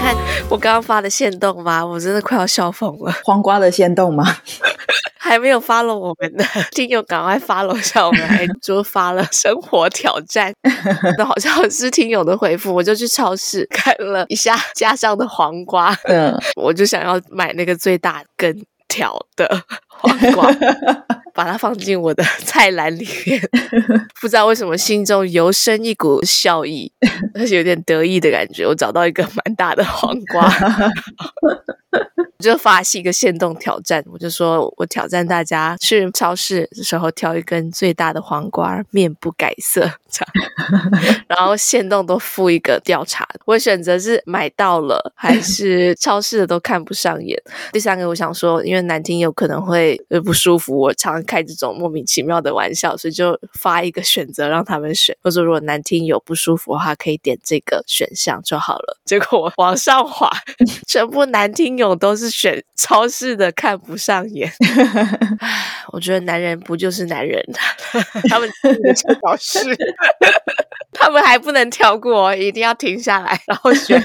看我剛剛發的限動嗎？我真的快要笑瘋了。黃瓜的限動嗎？還沒有發了，我們的聽友趕快發一下，我們 還就發了生活挑戰。 那好像是聽友的回復，我就去超市看了一下架上的黃瓜，嗯，我就想要買那個最大根條的。黃瓜，把它放進我的菜籃裡面。不知道為什麼，心中油生一股笑意，而且有點得意的感覺。我找到一個蠻大的黃瓜， 我就發起一個限動挑戰。我就說，我挑戰大家去超市的時候挑一根最大的黃瓜，面不改色，這樣 然後限動都附一個調查，我選擇是買到了還是超市的都看不上眼。 第三個，我想說，因為男聽有可能會。不舒服。我常開這種莫名其妙的玩笑，所以就發一個選擇讓他們選。或者說，如果男聽友不舒服的話，可以點這個選項就好了。結果我往上滑， 全部男聽友都是選超市的，看不上眼。 我覺得男人不就是男人他們是 他們還不能跳過，一定要停下來，然後選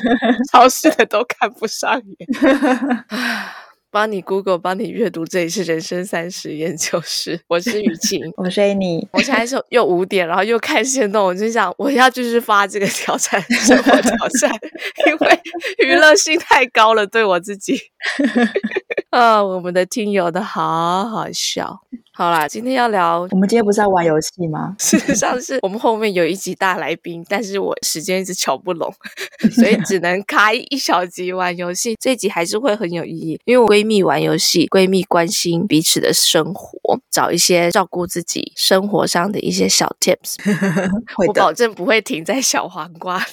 超市的都看不上眼。 幫你 Google，幫你閱讀，這裡是人生三十研究室。我是雨芹，我是 Annie。我現在是又五點，然後又開行動。我就想，我要就是發這個挑戰，生活挑戰， 因為娛樂性太高了，對我自己。 啊，oh, 我們的聽友的好好笑。好啦，今天要聊，我們今天不是要玩遊戲嗎？事實上是我們後面有一集大來賓，但是我時間一直喬不攏， 所以只能開一小集玩遊戲。這一集還是會很有意義，因為我閨蜜玩遊戲，閨蜜關心彼此的生活，找一些照顧自己生活上的一些小 tips。 的我保證不會停在小黃瓜，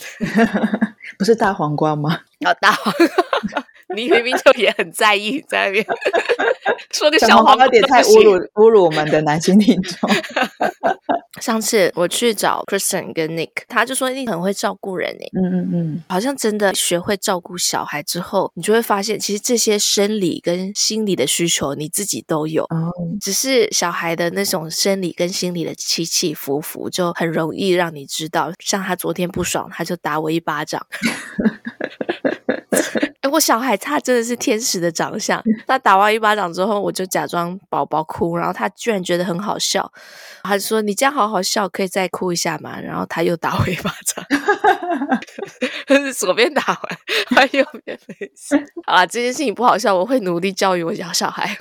不是大黃瓜嗎？要，oh, 大黃。黃你明明就也很在意，在那邊 說個小黃有點太侮辱、侮辱我們的男性聽眾。上次我去找 Christian 跟 Nick，他就說你很會照顧人誒。嗯嗯嗯，好像真的學會照顧小孩之後，你就會發現，其實這些生理跟心理的需求你自己都有。只是小孩的那種生理跟心理的起起伏伏，就很容易讓你知道。像他昨天不爽，他就打我一巴掌。 哎、欸，我小孩他真的是天使的長相。他打完一巴掌之後，我就假裝寶寶哭，然後他居然覺得很好笑，他就說：“你這樣好好笑，可以再哭一下嗎？”然後他又打我一巴掌，他是 左邊打完，他右邊沒事。啊，這件事情不好笑，我會努力教育我家小孩。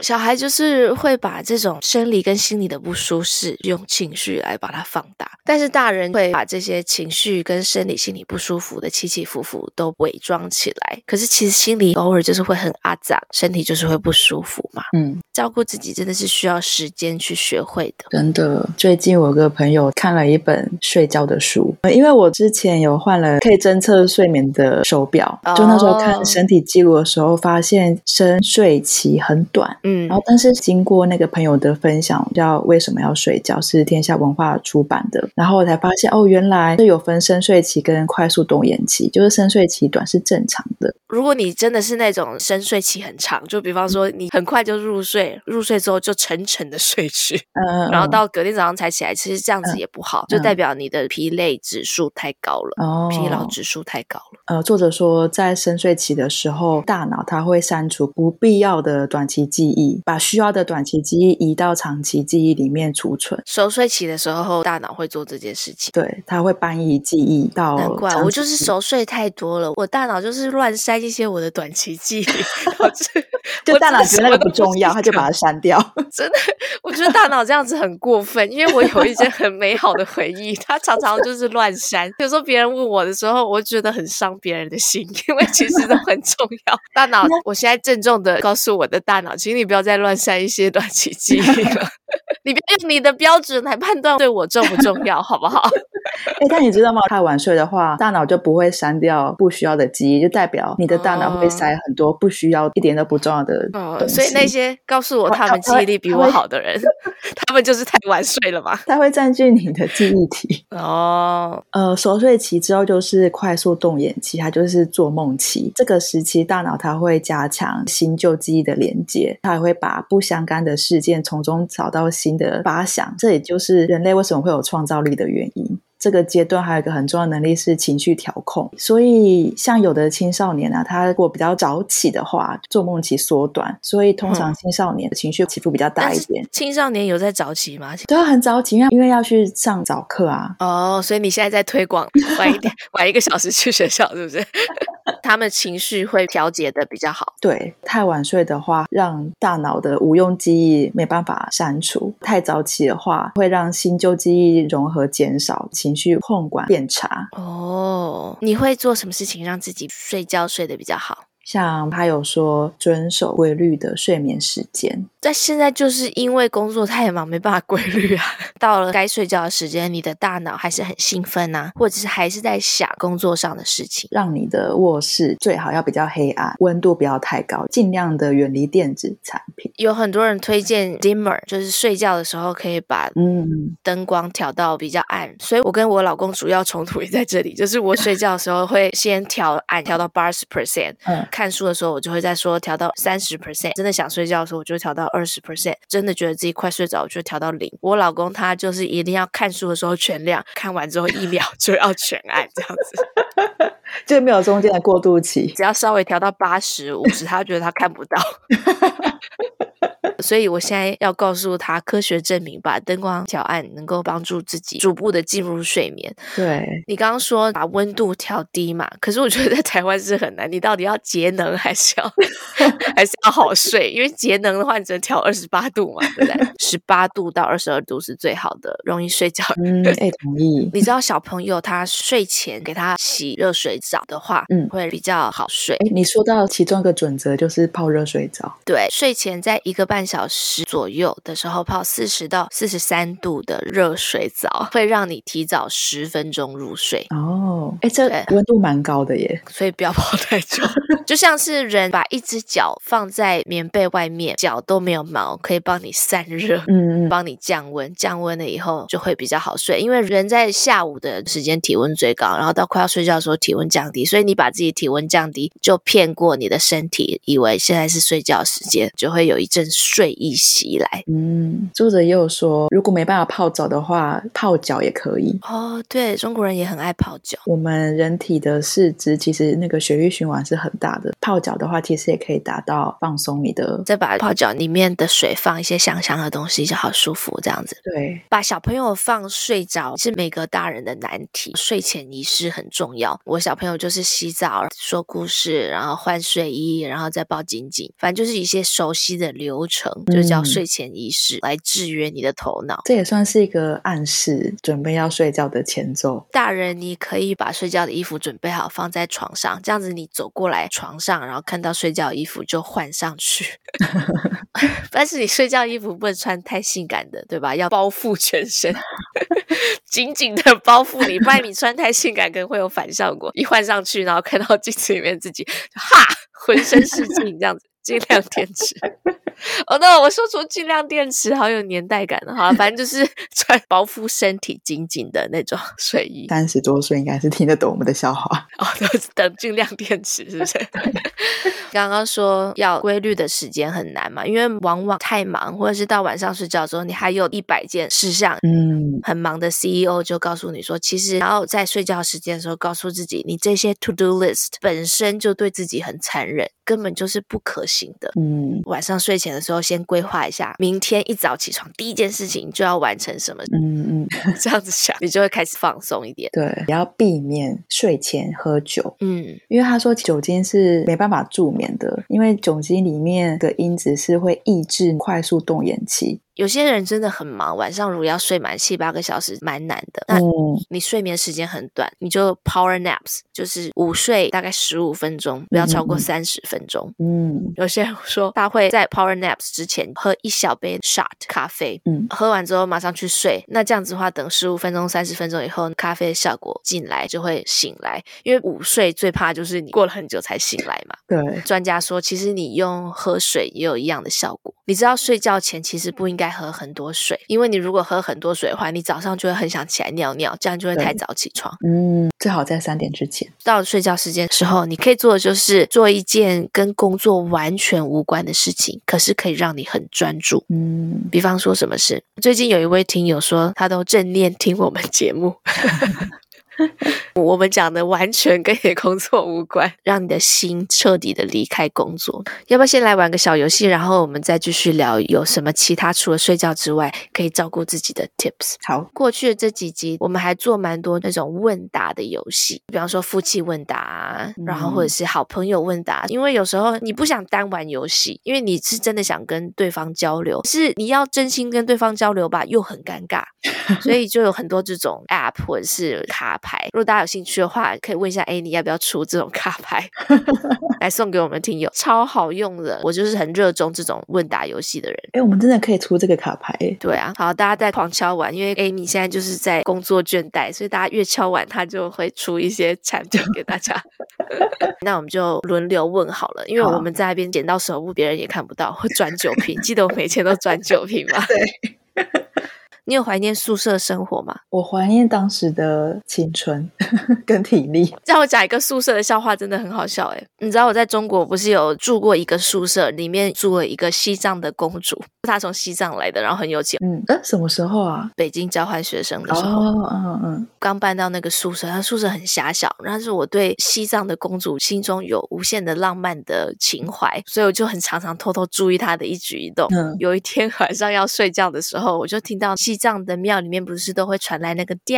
小孩就是會把這種生理跟心理的不舒適，用情緒來把它放大，但是大人會把這些情緒跟生理、心理不舒服的起起伏伏都偽裝起來。可是其實心裡偶爾就是會很阿雜，身體就是會不舒服嘛。嗯，照顧自己真的是需要時間去學會的。真的，最近我有個朋友看了一本睡覺的書，因為我之前有換了可以偵測睡眠的手錶，就那時候看身體記錄的時候，發現深睡期很短。嗯、哦，然後但是經過那個朋友的分享，叫為什麼要睡覺，是天下文化出版的，然後我才發現哦，原來這有分深睡期跟快速動眼期，就是深睡期短是正常的。如果你真的是那種深睡期很長，就比方說你很快就入睡，入睡之後就沉沉的睡去，嗯，然後到隔天早上才起來，其實這樣子也不好，嗯，就代表你的疲累指數太高了，哦，疲勞指數太高了。呃，作者說在深睡期的時候，大腦它會刪除不必要的短期記憶，把需要的短期記憶移到長期記憶裡面儲存。熟睡期的時候，大腦會做這件事情，對，它會搬移記憶到長期記憶。難怪我就是熟睡太多了，我大腦就是亂。刪一些我的短期記憶，就， 就大腦覺得那個不重要， 他就把它刪掉。真的，我覺得大腦這樣子很過分，因為我有一些很美好的回憶，他 常常就是亂刪。有時候別人問我的時候，我覺得很傷別人的心，因為其實都很重要。大腦，我現在鄭重的告訴我的大腦，請你不要再亂刪一些短期記憶了， 你別，用你的標準來判斷對我重不重要，好不好？ 哎，但你知道嗎？太晚睡的話，大腦就不會刪掉不需要的記憶，就代表你的大腦會塞很多不需要、哦、一點都不重要的東西、哦、所以那些告訴我他們記憶力比我好的人，哦、他，他，他，他們就是太晚睡了嘛？他會佔據你的記憶體。哦，呃，熟睡期之後就是快速動眼期，它就是做夢期。這個時期大腦它會加強新舊記憶的連接，它還會把不相干的事件從中找到新的發想。這也就是人類為什麼會有創造力的原因。這個階段還有一個很重要的能力是情緒調控，所以像有的青少年啊，他如果比較早起的話，做夢期縮短，所以通常青少年的情緒起伏比較大一點。嗯、青少年有在早起嗎？對，很早起，因為要去上早課啊。哦，所以你現在在推廣晚一點，晚一個小時去學校，是不是？ 他們情緒會調節的比較好。對，太晚睡的話，讓大腦的無用記憶沒辦法刪除；太早起的話，會讓新舊記憶融合減少情緒。去控管檢查哦，oh, 你會做什麼事情讓自己睡覺睡得比較好？像他有說遵守規律的睡眠時間，但現在就是因為工作太忙，沒辦法規律啊。 到了該睡覺的時間，你的大腦還是很興奮呢？啊，或者是還是在想工作上的事情。讓你的臥室最好要比較黑暗，溫度不要太高，儘量的遠離電子產品。有很多人推薦 dimmer，就是睡覺的時候可以把嗯燈光調到比較暗。嗯、所以我跟我老公主要衝突也在這裡，就是我睡覺的時候會先調暗，調到八十 percent。嗯看書的時候，我就會在說調到三十 percent，真的想睡覺的時候，我就調到二十 percent，真的覺得自己快睡着，我就調到零。我老公他就是一定要看書的時候全亮，看完之後一秒就要全暗，這樣子， 就沒有中間的過渡期。只要稍微調到八十、五十，他覺得他看不到。 所以，我現在要告訴他，科學證明把燈光調暗能夠幫助自己逐步的進入睡眠。對，你剛剛說把溫度調低嘛，可是我覺得在台灣是很難。你到底要節能還是要 還是要好睡？因為節能的話，你只能調二十八度嘛，對不對？十八度到二十二度是最好的，容易睡覺。嗯，哎，同意。你知道小朋友他睡前給他洗熱水澡的話，嗯，會比較好睡。哎，你說到其中一個準則就是泡熱水澡。對，睡前在一個半。半小時左右的時候泡四十到四十三度的熱水澡，會讓你提早十分鐘入睡。哦，哎，這溫度蠻高的耶，所以不要泡太久。 就像是人把一隻腳放在棉被外面，腳都沒有毛，可以幫你散熱，嗯，幫你降溫。降溫了以後就會比較好睡，因為人在下午的時間體溫最高，然後到快要睡覺的時候體溫降低，所以你把自己體溫降低，就騙過你的身體，以為現在是睡覺時間，就會有一陣。睡意襲來，嗯，作者也有說，如果沒辦法泡澡的話，泡腳也可以。哦，對，中國人也很愛泡腳。我們人體的四肢其實那個血液循環是很大的，泡腳的話其實也可以達到放鬆你的。再把泡腳裡面的水放一些香香的東西就好舒服，這樣子。對，把小朋友放睡着是每個大人的難題。睡前儀式很重要。我小朋友就是洗澡、說故事，然後換睡衣，然後再抱緊緊，反正就是一些熟悉的流程。就叫睡前儀式，嗯，來制約你的頭腦，這也算是一個暗示，準備要睡覺的前奏。大人，你可以把睡覺的衣服準備好，放在床上，這樣子你走過來床上，然後看到睡覺衣服就換上去。 但是你睡覺衣服不能穿太性感的，對吧？要包覆全身， 緊緊的包覆你。不然你穿太性感，可能會有反效果。一換上去，然後看到鏡子裡面自己，哈，渾身是勁， 這樣子盡量堅持。哦，那、oh, no, 我說出“勁量電池”好有年代感的哈、啊，反正就是穿包覆身體緊緊的那種睡衣。三十多歲應該是聽得懂我們的笑話哦，oh, no, 等勁量電池”是不是？ 剛剛說要規律的時間很難嘛，因為往往太忙，或者是到晚上睡覺的時候，你還有一百件事項。嗯，很忙的 CEO 就告訴你說，其實然後在睡覺時間的時候，告訴自己，你這些 to do list 本身就對自己很殘忍，根本就是不可行的。嗯，晚上睡。的時候，先規劃一下，明天一早起床第一件事情就要完成什麼？嗯嗯，嗯 這樣子想，你就會開始放鬆一點。對，也要避免睡前喝酒。嗯，因為他說酒精是沒辦法助眠的，因為酒精裡面的因子是會抑制快速動眼期。有些人真的很忙，晚上如果要睡滿七八個小時，蠻難的。那你睡眠時間很短，你就 power naps，就是午睡大概十五分鐘，不要超過三十分鐘。嗯，嗯，有些人說他會在 power naps 之前喝一小杯 shot 咖啡，嗯，喝完之後馬上去睡。那這樣子的話，等十五分鐘、三十分鐘以後，咖啡的效果進來就會醒來，因為午睡最怕就是你過了很久才醒來嘛。對，專家說其實你用喝水也有一樣的效果。你知道睡覺前其實不應該。該喝很多水，因為你如果喝很多水的話，你早上就會很想起來尿尿，這樣就會太早起床。嗯，最好在三點之前。到了睡覺時間的時候，好你可以做的就是做一件跟工作完全無關的事情，可是可以讓你很專注。嗯，比方說什麼事？最近有一位聽友說，他都正念聽我們節目。 我們講的完全跟你的工作無關，讓你的心徹底的離開工作。要不要先來玩個小遊戲，然後我們再繼續聊有什麼其他除了睡覺之外可以照顧自己的 tips？好，過去的這幾集我們還做蠻多那種問答的遊戲，比方說夫妻問答，然後或者是好朋友問答。嗯、因為有時候你不想單玩遊戲，因為你是真的想跟對方交流，是你要真心跟對方交流吧，又很尷尬，所以就有很多這種 app 或者是卡。牌，如果大家有興趣的話，可以問一下 Annie、欸、你要不要出這種卡牌 來送給我們聽友？超好用的，我就是很熱衷這種問答遊戲的人。哎、欸，我們真的可以出這個卡牌？對啊，好，大家在狂敲碗，因為 Annie 現在就是在工作倦怠，所以大家越敲碗，他就會出一些產品給大家。 那我們就輪流問好了，因為我們在那邊剪刀手物，別人也看不到，啊、會轉酒瓶。記得我每天都轉酒瓶嗎？ 對。你有懷念宿舍生活嗎？我懷念當時的青春 跟體力。讓我講一個宿舍的笑話，真的很好笑欸！你知道我在中國不是有住過一個宿舍，裡面住了一個西藏的公主，她從西藏來的，然後很有錢。嗯，呃，什麼時候啊？北京交換學生的時候。哦，嗯嗯。剛搬到那個宿舍，她宿舍很狹小。但是我對西藏的公主心中有無限的浪漫的情懷，所以我就很常常偷偷注意她的一舉一動。嗯，有一天晚上要睡覺的時候，我就聽到西。西藏的廟裡面不是都會傳來那個“叮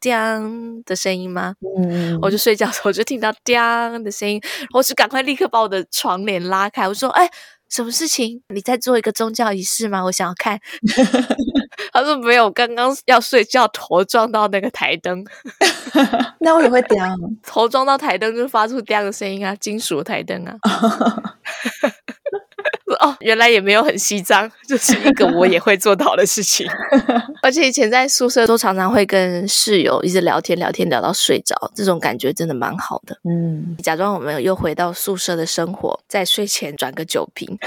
叮”的聲音嗎？嗯，我就睡覺，我就聽到“叮”的聲音，我是趕快立刻把我的床簾拉開，我說：“哎、欸，什麼事情？你在做一個宗教儀式嗎？”我想要看。 他說：“沒有，剛剛要睡覺，頭撞到那個台燈。 ” 那我也會“叮”？頭撞到台燈就發出“叮”的聲音啊，金屬台燈啊。 哦，原來也沒有很誇張，就是一個我也會做到的事情。 而且以前在宿舍都常常會跟室友一直聊天，聊天聊到睡着，這種感覺真的蠻好的。嗯，假裝我們又回到宿舍的生活，在睡前轉個酒瓶，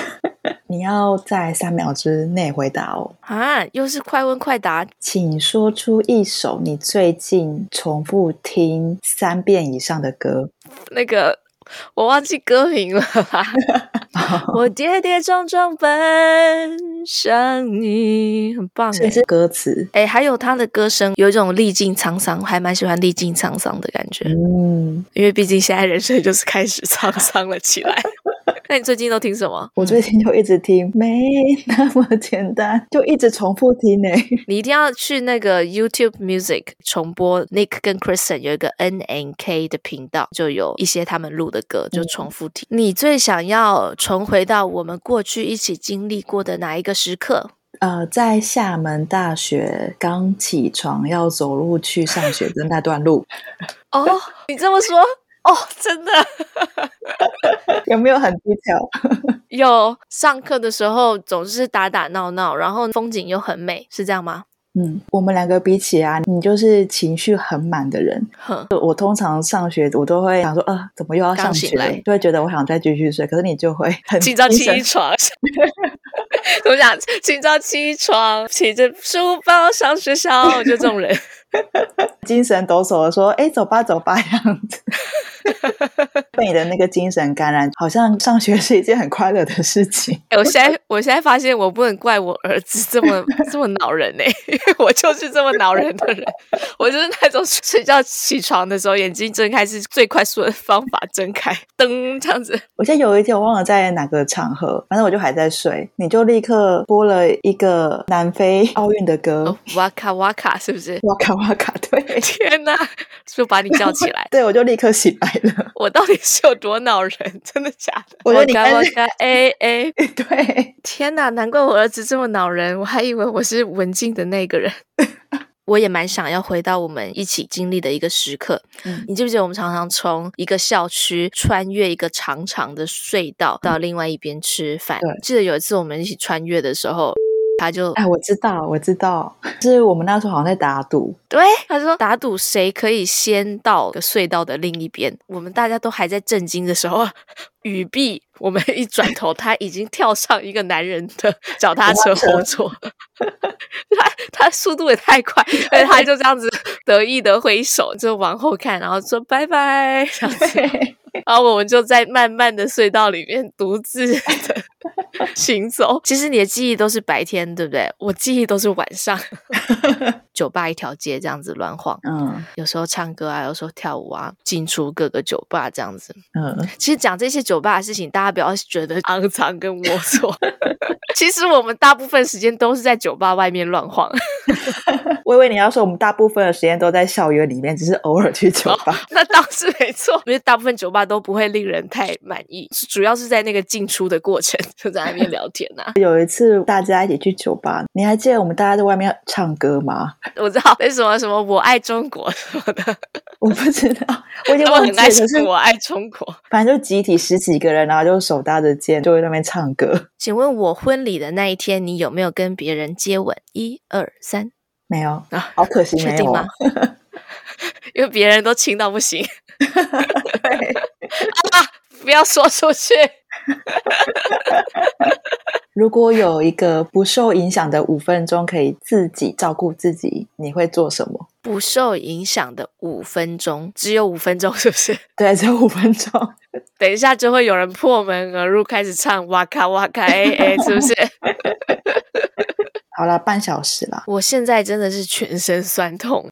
你要在三秒之內回答哦。啊，又是快問快答，請說出一首你最近重複聽三遍以上的歌。那個。我忘記歌名了吧， 我跌跌撞撞奔向你，很棒哎、欸，這歌詞哎、欸，還有他的歌聲有一種歷盡滄桑，還蠻喜歡歷盡滄桑的感覺，嗯，因為畢竟現在人生就是開始滄桑了起來。 那你最近都聽什麼？我最近就一直聽《嗯、沒那麼簡單》，就一直重複聽呢、欸。你一定要去那個 YouTube Music 重播 Nick 跟 Christian 有一個 N N K 的頻道，就有一些他們錄的歌，就重複聽。嗯、你最想要重回到我們過去一起經歷過的哪一個時刻？呃，在廈門大學剛起床要走路去上學的那段路。哦， oh, 你這麼說。 哦，oh, 真的， 有沒有很低調？ 有，上課的時候總是打打鬧鬧，然後風景又很美，是這樣嗎？嗯，我們兩個比起啊，你就是情緒很滿的人。哼呵，我通常上學，我都會想說，呃、啊，怎麼又要上學了？就會覺得我想再繼續睡，可是你就會很緊張，起，起一床。 我 想清早起床，提着書包上學校，就這種人， 精神抖擻的說：“哎，走吧，走吧，這樣子。 ” 你的那個精神感染，好像上學是一件很快樂的事情。欸、我現在我現在發現，我不能怪我兒子這麼 這麼惱人呢、欸，因為我就是這麼惱人的人。我就是那種睡覺起床的時候，眼睛睜開是最快速的方法，睜開噔，這樣子。我現在有一天，我忘了在哪個場合，反正我就還在睡，你就立刻播了一個南非奧運的歌，哇卡哇卡，是不是？哇卡哇卡，對。天哪，就把你叫起來， 對，我就立刻醒來了。我到底是？是有多惱人？真的假的？我覺得，我覺得，誒，誒，對，天哪，難怪我兒子這麼惱人，我還以為我是文靜的那個人。我也蠻想要回到我們一起經歷的一個時刻。嗯、你記不記得我們常常從一個校區穿越一個長長的隧道到另外一邊吃飯？嗯、記得有一次我們一起穿越的時候。他就哎，我知道，我知道，是我們那時候好像在打賭。對，他就說打賭誰可以先到隧道的另一邊。我們大家都還在震驚的時候，雨芹我們一轉頭， 他已經跳上一個男人的腳踏車後座。 他他速度也太快，而且他就這樣子得意的揮手， 就往後看，然後說拜拜。 然後我們就在慢慢的隧道裡面獨自 行走，其實你的記憶都是白天，對不對？我記憶都是晚上。 酒吧一條街這樣子亂晃，嗯，有時候唱歌啊，有時候跳舞啊，進出各個酒吧這樣子，嗯，其實講這些酒吧的事情，大家不要覺得骯髒 跟齷齪。 其實我們大部分時間都是在酒吧外面亂晃。微 微 你要說我們大部分的時間都在校園裡面，只是偶爾去酒吧。 哦、那倒是沒錯，因為大部分酒吧都不會令人太滿意，是主要是在那個進出的過程就在外面聊天吶、啊。 有一次大家一起去酒吧，你還記得我們大家在外面唱歌？我知道為什麼什麼我愛中國什麼的，我不知道，我已經忘記是。是我愛中國，反正就集體十幾個人，然後就手搭着肩，就在那邊唱歌。請問我婚禮的那一天，你有沒有跟別人接吻？一二三，沒有、啊、好可惜，沒有。確定嗎？ 因為別人都親到不行。 對啊，不要說出去。 如果有一個不受影響的五分鐘，可以自己照顧自己，你會做什麼？不受影響的五分鐘，只有五分鐘，是不是？對，只有五分鐘。等一下就會有人破門而入，開始唱哇咔哇咔、欸欸。aa，是不是？ 好了，半小時了。我現在真的是全身酸痛。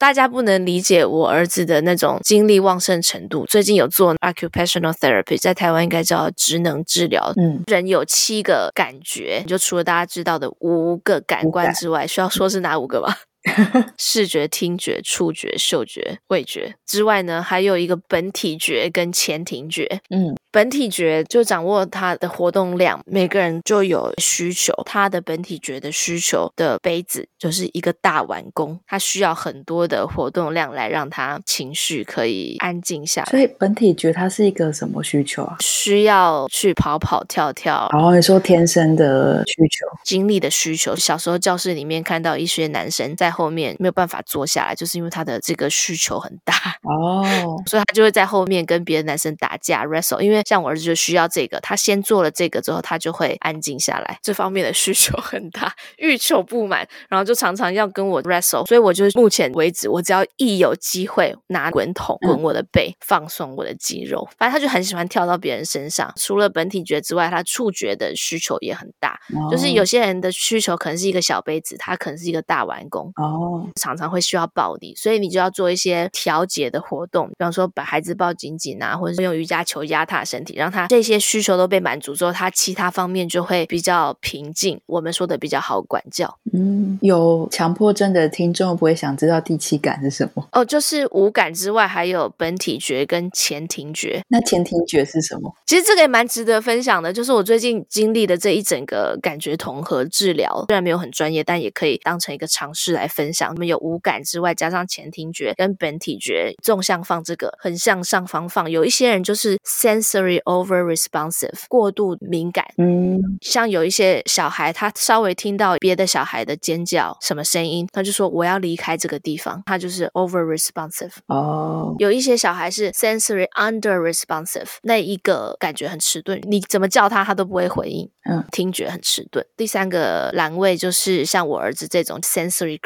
大家不能理解我兒子的那種精力旺盛程度。最近有做 occupational therapy，在台灣應該叫職能治療。嗯，人有七個感覺，就除了大家知道的五個感官之外，的需要說是哪五個嗎？ 視覺、聽覺、觸覺、嗅覺、味覺之外呢，還有一個本體覺跟前庭覺。嗯，本體覺就掌握他的活動量，每個人就有需求，他的本體覺的需求的杯子就是一個大碗公，他需要很多的活動量來讓他情緒可以安靜下來。所以本體覺它是一個什麼需求啊？需要去跑跑跳跳。然後、哦、你說天生的需求、精力的需求。小時候教室裡面看到一些男生在。在後面沒有辦法坐下來，就是因為他的這個需求很大哦，oh. 所以他就會在後面跟別的男生打架、oh.，wrestle。因為像我兒子就需要這個，他先做了這個之後，他就會安靜下來。這方面的需求很大，欲求不滿，然後就常常要跟我 wrestle。所以我就目前為止，我只要一有機會拿滾筒滾我的背，嗯、放鬆我的肌肉。反正他就很喜歡跳到別人身上。除了本體覺之外，他觸覺的需求也很大。Oh. 就是有些人的需求可能是一個小杯子，他可能是一個大碗公。哦，常常會需要暴力，所以你就要做一些調節的活動，比方說把孩子抱緊緊啊，或者是用瑜伽球壓他身體，讓他這些需求都被滿足之後，他其他方面就會比較平靜，我們說的比較好管教。嗯，有強迫症的聽眾不會想知道第七感是什麼，哦，就是五感之外還有本體覺跟前庭覺。那前庭覺是什麼？其實這個也蠻值得分享的，就是我最近經歷的這一整個感覺統合治療，雖然沒有很專業，但也可以當成一個嘗試來。分享，我們有五感之外，加上前聽覺跟本體覺，縱向放這個，橫向上方放。有一些人就是 sensory over responsive 過度敏感，嗯，像有一些小孩，他稍微聽到別的小孩的尖叫、什麼聲音，他就說我要離開這個地方，他就是 over responsive。Respons 哦，有一些小孩是 sensory under responsive，那一個感覺很遲鈍，你怎麼叫他，他都不會回應，嗯，聽覺很遲鈍。第三個欄位就是像我兒子這種 sensory。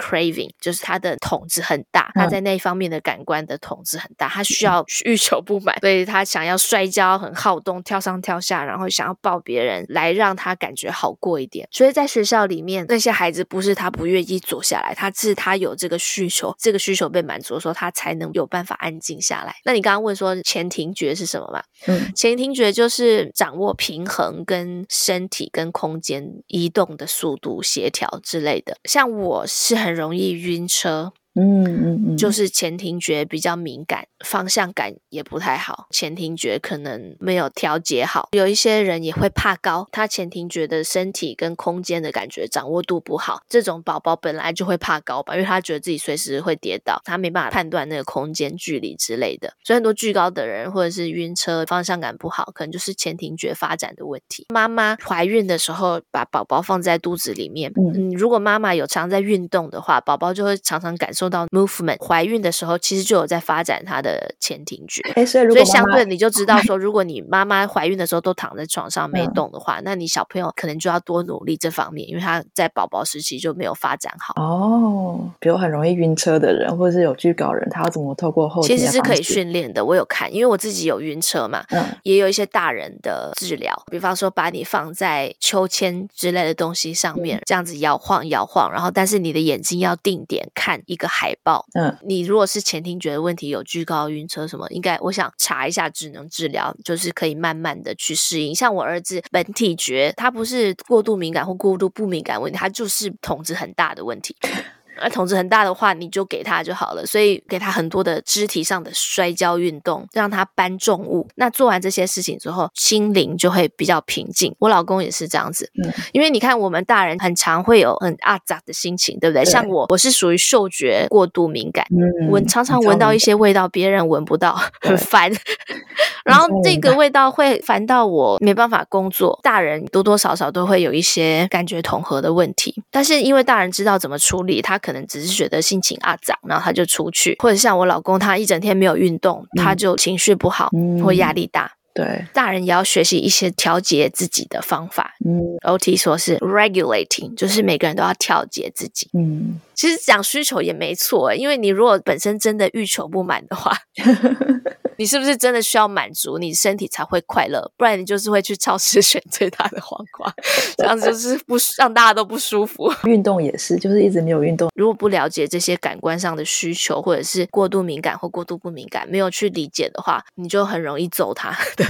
就是他的統治很大，嗯、他在那方面的感官的統治很大，他需要欲求不滿，所以他想要摔跤，很好動，跳上跳下，然後想要抱別人來讓他感覺好過一點。所以在學校裡面，那些孩子不是他不願意坐下來，他是他有這個需求，這個需求被滿足的時候，他才能有辦法安靜下來。那你剛剛問說前庭覺是什麼嘛？嗯，前庭覺就是掌握平衡、跟身體、跟空間移動的速度、協調之類的。像我是很容。容易暈車。嗯嗯嗯，嗯嗯就是前庭覺比較敏感，方向感也不太好，前庭覺可能沒有調節好。有一些人也會怕高，他前庭覺的身體跟空間的感覺掌握度不好，這種寶寶本來就會怕高吧，因為他覺得自己隨時會跌倒，他沒辦法判斷那個空間距離之類的。所以很多懼高的人或者是暈車、方向感不好，可能就是前庭覺發展的問題。媽媽懷孕的時候把寶寶放在肚子裡面，嗯，如果媽媽有常在運動的話，寶寶就會常常感受。做到 movement 懷孕的時候，其實就有在發展他的前庭覺，誒，所以媽媽所以相對你就知道說，如果你媽媽懷孕的時候都躺在床上沒動的話，嗯、那你小朋友可能就要多努力這方面，因為他在寶寶時期就沒有發展好。哦，比如很容易暈車的人，或者是有懼高人，他要怎麼透過後其實是可以訓練的。我有看，因為我自己有暈車嘛，嗯、也有一些大人的治療，比方說把你放在秋千之類的東西上面，嗯、這樣子搖晃搖晃，然後但是你的眼睛要定點、嗯、看一個。海報，嗯，你如果是前庭覺的問題，有懼高、暈車什麼，應該我想查一下職能治療，就是可以慢慢的去適應。像我兒子本體覺，他不是過度敏感或過度不敏感問題，他就是桶子很大的問題。 而統治很大的話，你就給他就好了。所以給他很多的肢體上的摔跤運動，讓他搬重物。那做完這些事情之後，心靈就會比較平靜。我老公也是這樣子，嗯、因為你看，我們大人很常會有很阿雜的心情，對不對？對。像我，我是屬於嗅覺過度敏感，嗯、我常常聞到一些味道，別人聞不到，很煩。對 然後這個味道會煩到我沒辦法工作。大人多多少少都會有一些感覺統合的問題，但是因為大人知道怎麼處理，他。可能只是覺得心情阿、啊、漲，然後他就出去，或者像我老公，他一整天沒有運動，嗯、他就情緒不好，嗯、或壓力大。對，大人也要學習一些調節自己的方法。嗯，OT 說是 regulating，就是每個人都要調節自己。嗯，其實講需求也沒錯，因為你如果本身真的欲求不滿的話。 你是不是真的需要滿足你身體才會快樂？不然你就是會去超市選最大的黃瓜，這樣子就是不讓大家都不舒服。運動也是，就是一直沒有運動。如果不了解這些感官上的需求，或者是過度敏感或過度不敏感，沒有去理解的話，你就很容易揍他。對，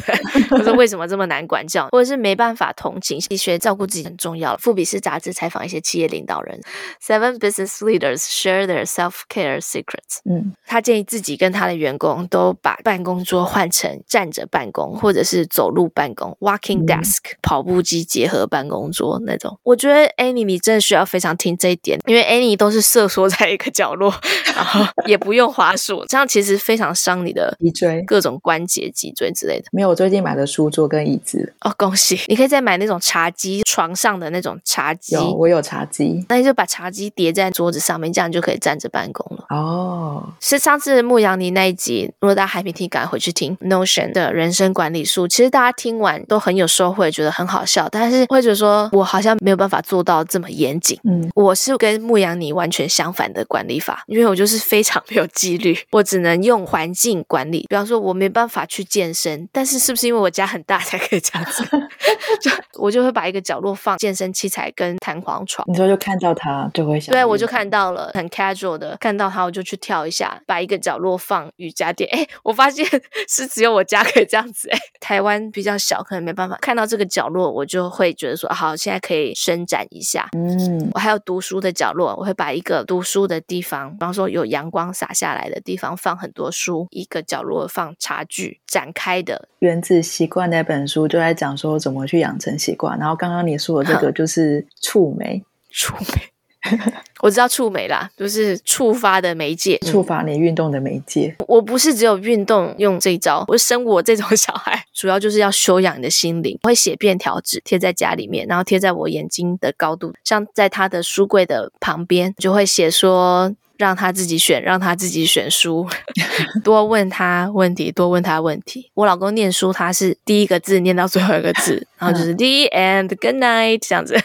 我說為什麼這麼難管教，或者是沒辦法同情。心理學照顧自己很重要。《富比斯》雜誌採訪一些企業領導人，Seven business leaders share their self-care secrets。嗯，他建議自己跟他的員工都把。辦公桌換成站着辦公，或者是走路辦公 （walking desk），、嗯、跑步機結合辦公桌那種。我覺得 Annie 你真的需要非常聽這一點，因為 Annie 都是瑟縮在一個角落， 然後也不用滑鼠，這樣其實非常傷你的脊椎、各種關節、脊椎之類的。沒有，我最近買的書桌跟椅子哦，oh, 恭喜！你可以再買那種茶幾，床上的那種茶几。有，我有茶几。那你就把茶几疊在桌子上面，這樣就可以站着辦公了。哦，oh. 是上次牧羊尼那一集，如果大家還沒聽。你趕回去聽 Notion 的人生管理書？其實大家聽完都很有收穫，覺得很好笑。但是或者說我好像沒有辦法做到這麼嚴謹。嗯，我是跟牧羊你完全相反的管理法，因為我就是非常沒有紀律。我只能用環境管理。比方說，我沒辦法去健身，但是是不是因為我家很大才可以這樣子？ 就我就會把一個角落放健身器材跟彈簧床。你說就看到他就會想，對，我就看到了，很 casual 的看到他我就去跳一下，把一個角落放瑜伽墊。哎，我發現。 是只有我家可以這樣子哎、欸，台灣比較小，可能沒辦法看到這個角落，我就會覺得說，好，現在可以伸展一下。嗯，我還有讀書的角落，我會把一個讀書的地方，比方說有陽光灑下來的地方，放很多書，一個角落放茶具，展開的《原子習慣》那本書，就在講說怎麼去養成習慣。然後剛剛你說的這個就是觸媒，觸媒，嗯，觸媒。 我知道觸媒啦，就是觸發的媒介，嗯、觸發你運動的媒介。我不是只有運動用這一招，我生我這種小孩，主要就是要修養你的心靈。我會寫便條紙貼在家裡面，然後貼在我眼睛的高度，像在他的書櫃的旁邊，就會寫說讓他自己選，讓他自己選書， 多問他問題，多問他問題。我老公念書，他是第一個字念到最後一個字。 然後就是 The End, Good Night、嗯、這樣子。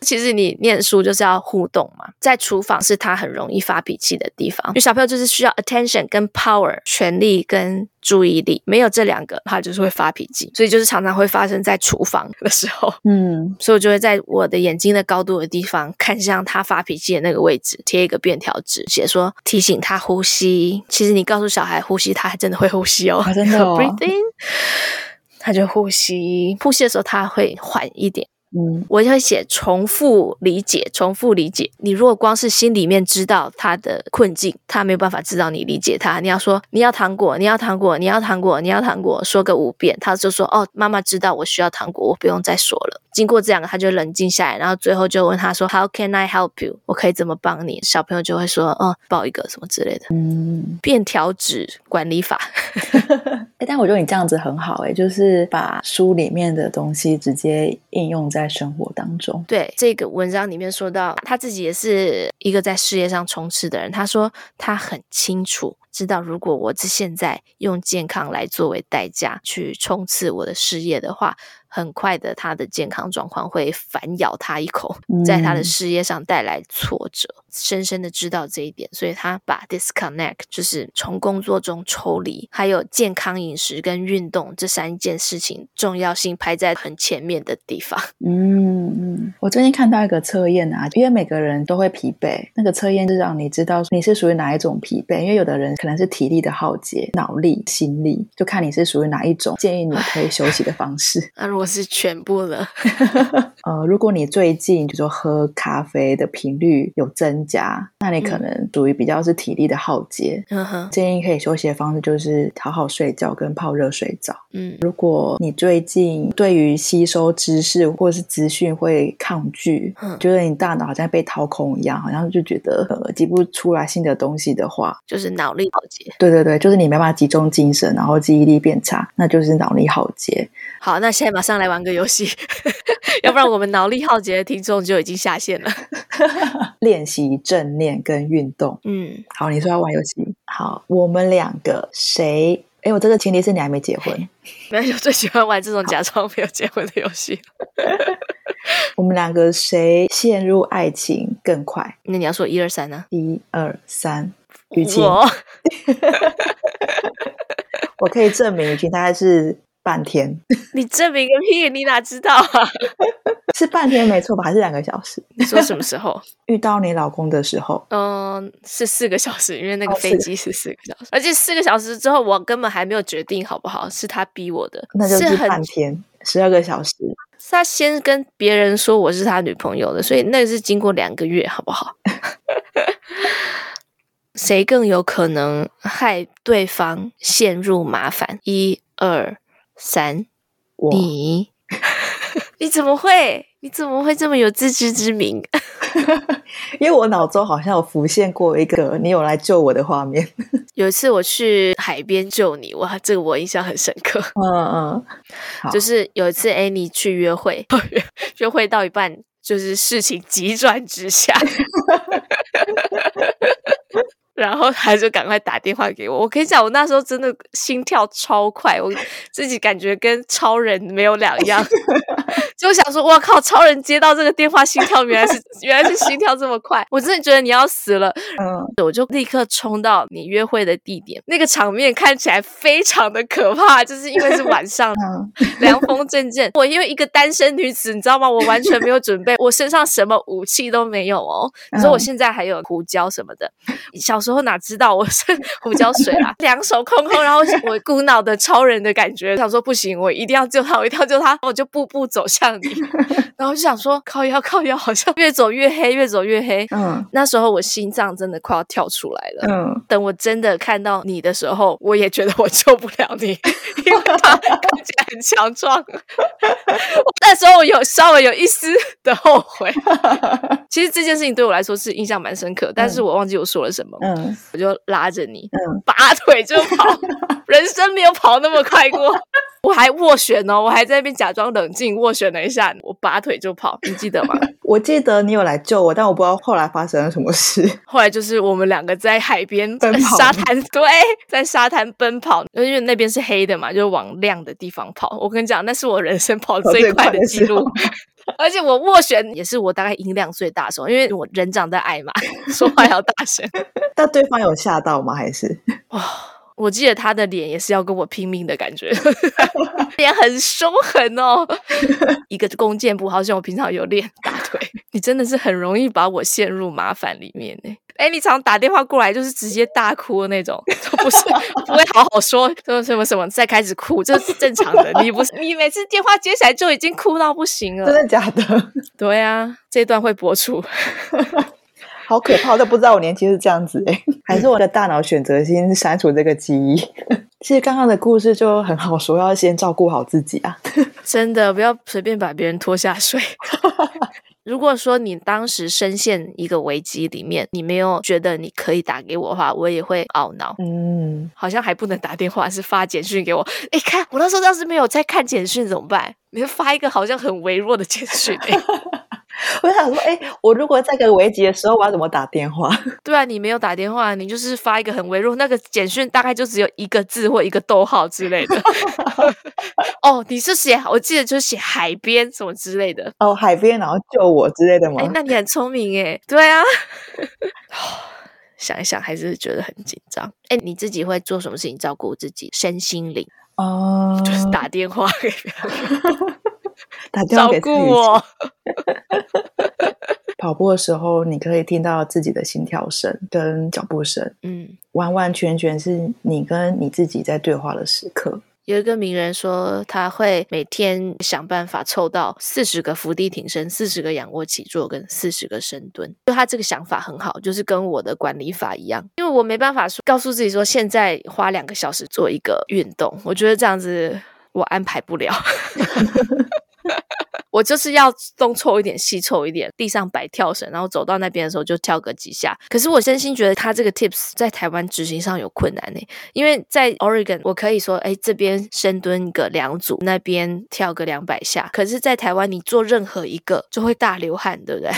其實你念書就是要互動嘛，在廚房是他很容易發脾氣的地方，因為小朋友就是需要 attention 跟 power 權力跟注意力，沒有這兩個，他就是會發脾氣。所以就是常常會發生在廚房的時候。嗯，所以我就會在我的眼睛的高度的地方，看向他發脾氣的那個位置，貼一個便條紙，寫說提醒他呼吸。其實你告訴小孩呼吸，他還真的會呼吸哦，啊、真的、哦。 他就呼吸，呼吸的時候他會緩一點。嗯、我就會寫重複理解，重複理解。你如果光是心裡面知道他的困境，他沒有辦法知道你理解他。你要說你要，你要糖果，你要糖果，你要糖果，你要糖果，說個五遍，他就說哦，媽媽知道我需要糖果，我不用再說了。經過這兩個，他就冷靜下來，然後最後就問他說 How can I help you？我可以怎麼幫你？小朋友就會說哦、嗯，抱一個什麼之類的。嗯，便條紙管理法。哎、 欸，但我覺得你這樣子很好、欸，哎，就是把書裡面的東西直接應用在。在生活當中，對這個文章裡面說到，他自己也是一個在事業上衝刺的人，他說他很清楚。知道，如果我是現在用健康來作為代價去衝刺我的事業的話，很快的他的健康狀況會反咬他一口，在他的事業上帶來挫折。嗯、深深的知道這一點，所以他把 disconnect 就是從工作中抽離，還有健康飲食跟運動這三件事情重要性排在很前面的地方。嗯嗯，我最近看到一個測驗啊，因為每個人都會疲憊，那個測驗是讓你知道你是屬於哪一種疲憊，因為有的人。可能是體力的耗竭、腦力、心力，就看你是屬於哪一種，建議你可以休息的方式。那、啊、如果是全部了， 呃，如果你最近比如說喝咖啡的頻率有增加，那你可能屬於比較是體力的耗竭，嗯、建議可以休息的方式就是好好睡覺跟泡熱水澡。嗯，如果你最近對於吸收知識或是資訊會抗拒，嗯、覺得你大腦好像被掏空一樣，好像就覺得呃擠不出來新的東西的話，就是腦力。耗竭，對對對，就是你沒辦法集中精神，然後記憶力變差，那就是腦力耗竭。好，那現在馬上來玩個遊戲， 要不然我們腦力耗竭的聽眾就已經下線了。 練習正念跟運動，嗯，好，你說要玩遊戲，好，我們兩個誰？哎，我這個前提是你還沒結婚。沒有，我最喜歡玩這種假裝沒有結婚的遊戲。 我們兩個誰陷入愛情更快？那你要說一二三呢？一二三。雨余我， 我可以證明雨芹，大概是半天。你證明個屁！你哪知道啊？ 是半天沒錯吧？還是兩個小時？你說什麼時候？遇到你老公的時候？嗯，是四個小時，因為那個飛機是四個小時，而且四個小時之後我根本還沒有決定好不好，是他逼我的。那就是半天，十二很個小時。是他先跟別人說我是他女朋友的，所以那是經過兩個月，好不好？ 誰更有可能害對方陷入麻煩？一二三，你哇，你怎麼會？你怎麼會這麼有自知之明？因為我腦中好像有浮現過一個你有來救我的畫面。有一次我去海邊救你，哇，這個我印象很深刻。嗯嗯，就是有一次，Annie 去約會，約會到一半，就是事情急轉直下。 然後他就趕快打電話給我，我跟你講，我那時候真的心跳超快，我自己感覺跟超人沒有兩樣， 就想說，我靠，超人接到這個電話，心跳原來是原來是心跳這麼快，我真的覺得你要死了，嗯，oh. 我就立刻衝到你約會的地點，那個場面看起來非常的可怕，就是因為是晚上，oh. 涼風陣陣，我因為一個單身女子，你知道嗎？我完全沒有準備，我身上什麼武器都沒有哦，你說我現在還有胡椒什麼的，小時候。我哪知道我是胡椒水啊， 兩手空空，然後我一股腦的超人的感覺， 想說不行，我一定要救他，我一定要救他，我就步步走向你， 然後我就想說靠腰靠腰，好像越走越黑，越走越黑。嗯，那時候我心臟真的快要跳出來了。嗯，等我真的看到你的時候，我也覺得我救不了你，嗯、因為他看起來很強壯。 我那時候有稍微有一絲的後悔。嗯、其實這件事情對我來說是印象蠻深刻，嗯、但是我忘記我說了什麼。嗯。我就拉着你，嗯、拔腿就跑， 人生沒有跑那麼快過。我還斡旋哦，我還在那邊假裝冷靜，斡旋了一下，我拔腿就跑，你記得嗎？我記得你有來救我，但我不知道後來發生了什麼事。後來就是我們兩個在海邊、奔跑，沙灘，對，在沙灘奔跑，因為那邊是黑的嘛，就往亮的地方跑。我跟你講，那是我人生跑最快的記錄。而且我斡旋也是我大概音量最大的時候，因為我人長得矮嘛，說話要大聲。 但對方有嚇到嗎？還是哇？ 我記得他的臉也是要跟我拼命的感覺， 臉很凶狠哦。 一個弓箭步，好像我平常有練大腿。你真的是很容易把我陷入麻煩裡面誒，你常打電話過來就是直接大哭的那種，都不是不會好好說，什麼什麼什麼，再開始哭，這、就是正常的。你不是 你每次電話接起來就已經哭到不行了，真的假的？對啊，這段會播出。 好可怕！都不知道我年輕是這樣子哎、欸，還是我的大腦選擇性刪除這個記憶。其實剛剛的故事就很好說，要先照顧好自己啊，真的不要隨便把別人拖下水。 如果說你當時深陷一個危機裡面，你沒有覺得你可以打給我的話，我也會懊惱。嗯，好像還不能打電話，是發簡訊給我。哎、欸，看我那時候當時沒有在看簡訊怎麼辦？你發一個好像很微弱的簡訊。欸 我想說，哎、欸，我如果在個危機的時候，我要怎麼打電話？對啊，你沒有打電話，你就是發一個很微弱那個簡訊，大概就只有一個字或一個逗號之類的。 哦，你是寫，我記得就是寫海邊什麼之類的。哦，海邊，然後救我之類的嗎？哎、欸，那你很聰明哎。對啊。 想一想，還是覺得很緊張。哎、欸，你自己會做什麼事情照顧自己身心靈？哦、uh，就是打電話給別人。 他照顧我 跑步的時候，你可以聽到自己的心跳聲跟腳步聲，嗯，完完全全是你跟你自己在對話的時刻。有一個名人說他會每天想辦法湊到四十個伏地挺身、四十個仰臥起坐跟四十個深蹲，就他這個想法很好，就是跟我的管理法一樣，因為我沒辦法說告訴自己說現在花兩個小時做一個運動，我覺得這樣子我安排不了。 我就是要東湊一點，西湊一點，地上擺跳繩，然後走到那邊的時候就跳個幾下。可是我真心覺得他這個 tips 在台灣執行上有困難呢、欸，因為在 Oregon 我可以說，誒、欸、這邊深蹲個兩組，那邊跳個兩百下。可是，在台灣你做任何一個就會大流汗，對不對？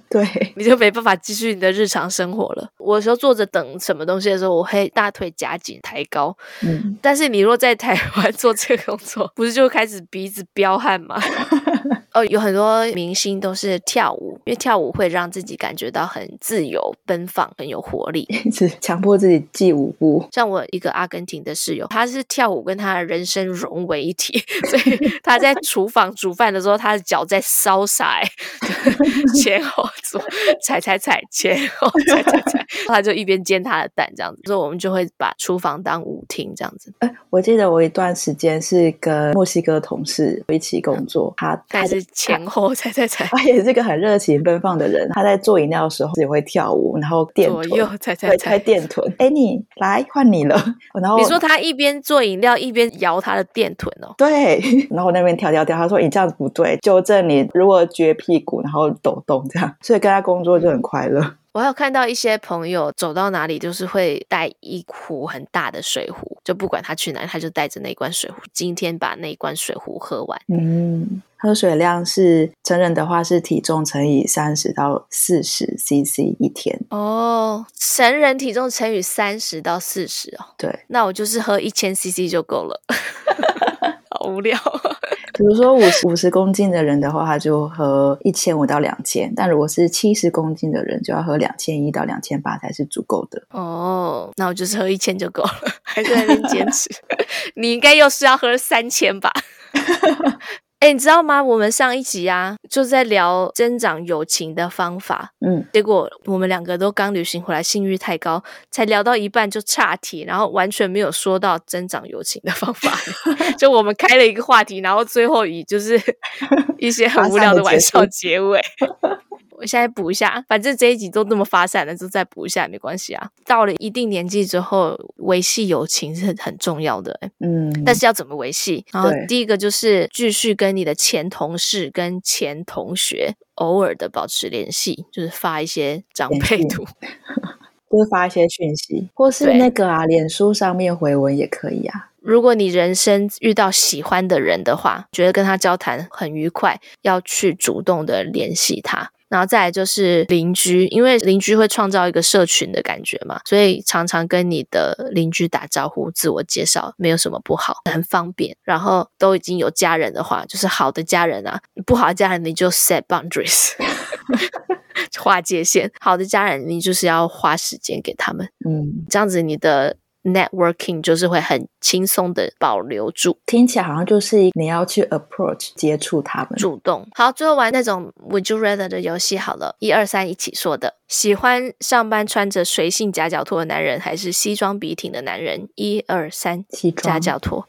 對，你就沒辦法繼續你的日常生活了。我有時候坐着等什麼東西的時候，我會大腿夾緊抬高。嗯，但是你如果在台灣做這個工作，不是就開始鼻子飆汗嗎？ 哦，有很多明星都是跳舞。因為跳舞會讓自己感覺到很自由、奔放、很有活力，一直強迫自己記舞步。像我一個阿根廷的室友，他是跳舞跟他的人生融為一體， 所以他在廚房煮飯的時候，他的腳在燒柴、欸， 前後左踩踩踩，前後踩踩踩， 他就一邊煎他的蛋這樣子。所以我們就會把廚房當舞停，這樣子。哎、呃，我記得我一段時間是跟墨西哥同事一起工作，嗯、他他是前後踩踩踩，他也是一個很熱情奔放的人。他在做飲料的時候也會跳舞，然後電臀，左右踩踩踩，電臀。哎，你來換你了。然後你說他一邊做飲料一邊搖他的電臀哦、喔。對，然後那邊跳跳跳，他說你、欸、這樣子不對，糾正你，如果撅屁股然後抖動這樣，所以跟他工作就很快樂。我還有看到一些朋友走到哪裡，就是會帶一壺很大的水壺，就不管他去哪裡，他就帶着那罐水壺，今天把那一罐水壺喝完。嗯，喝水量是成人的話是體重乘以三十到四十 cc 一天。哦，成人體重乘以三十到四十哦。對，那我就是喝一千 cc 就夠了。 好無聊。比如說五五十公斤的人的話，他就喝一千五到兩千，但如果是七十公斤的人，就要喝兩千一到兩千八才是足夠的。哦，那我就是喝一千就夠了，還是在那邊堅持。 你應該又是要喝三千吧？ 哎、欸，你知道嗎？我們上一集啊，就在聊增長友情的方法，嗯，結果我們兩個都剛旅行回來，興致太高，才聊到一半就岔題，然後完全沒有說到增長友情的方法， 就我們開了一個話題，然後最後以就是一些很無聊的玩笑結尾。 我現在補一下，反正這一集都那麼發散了，就再補一下也沒關係啊。到了一定年紀之後，維繫友情是很重要的。嗯，但是要怎麼維繫？對然後第一個就是繼續跟你的前同事、跟前同學偶爾的保持聯繫，就是發一些長輩圖，對 就是發一些訊息，或是那個啊，對臉書上面回文也可以啊。如果你人生遇到喜歡的人的話，覺得跟他交談很愉快，要去主動的聯繫他。然後再來就是鄰居，因為鄰居會創造一個社群的感覺嘛，所以常常跟你的鄰居打招呼、自我介紹，沒有什麼不好，很方便。然後都已經有家人的話，就是好的家人啊，不好的家人你就 set boundaries，劃 界限。好的家人，你就是要花時間給他們，嗯，這樣子你的。Networking 就是會很輕鬆的保留住，聽起來好像就是你要去 approach 接觸他們，主動。好，最後玩那種 Would you rather 的遊戲好了，一二三一起說的。喜歡上班穿着隨性夾腳拖的男人，還是西裝筆挺的男人？一二三，西裝，夾腳拖。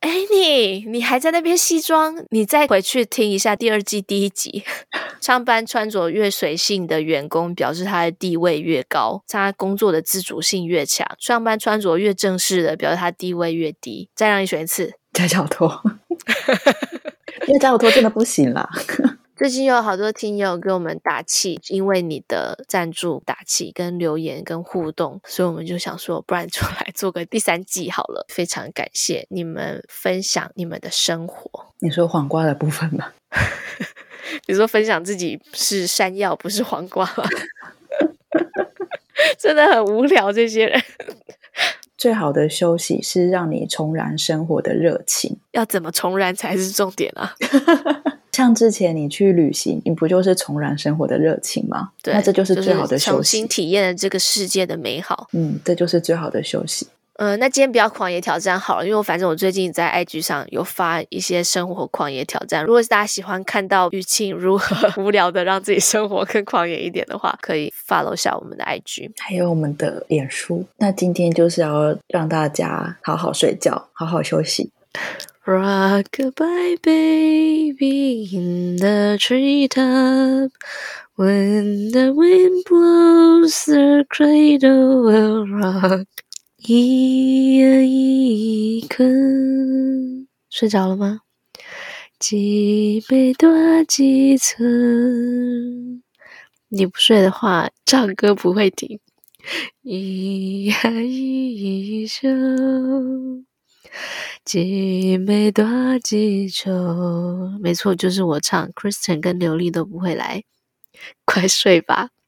哎你，你還在那邊西裝？你再回去聽一下第二季第一集。 上班穿着越隨性的員工，表示他的地位越高，他工作的自主性越強。上班穿。越正式的，表示他地位越低。再讓你選一次，加小托， 因為加小托真的不行了。 最近有好多聽友給我們打氣，因為你的贊助、打氣、跟留言、跟互動，所以我們就想說，不然出來做個第三季好了。非常感謝你們分享你們的生活。你說黃瓜的部分嗎？ 你說分享自己是山藥，不是黃瓜嗎？ 真的很無聊，這些人。最好的休息是讓你重燃生活的熱情。要怎麼重燃才是重點啊？ 像之前你去旅行，你不就是重燃生活的熱情嗎？對，那這就是最好的休息，重新體驗了這個世界的美好。嗯，這就是最好的休息。嗯、呃，那今天不要狂野挑戰好了，因為我反正我最近在 IG 上有發一些生活狂野挑戰。如果大家喜歡看到雨芹如何 無聊的讓自己生活更狂野一點的話，可以 follow 下我們的 IG，還有我們的臉書。那今天就是要讓大家好好睡覺，好好休息。Rockabye baby in the tree top, when the wind blows, the cradle will rock. 咿呀咿咿，困，睡着了嗎？幾杯多幾愁？你不睡的話，唱歌不會停。咿呀咿咿，愁，幾杯多幾愁？沒錯，就是我唱。Christian 跟琉璃都不會來， 快睡吧。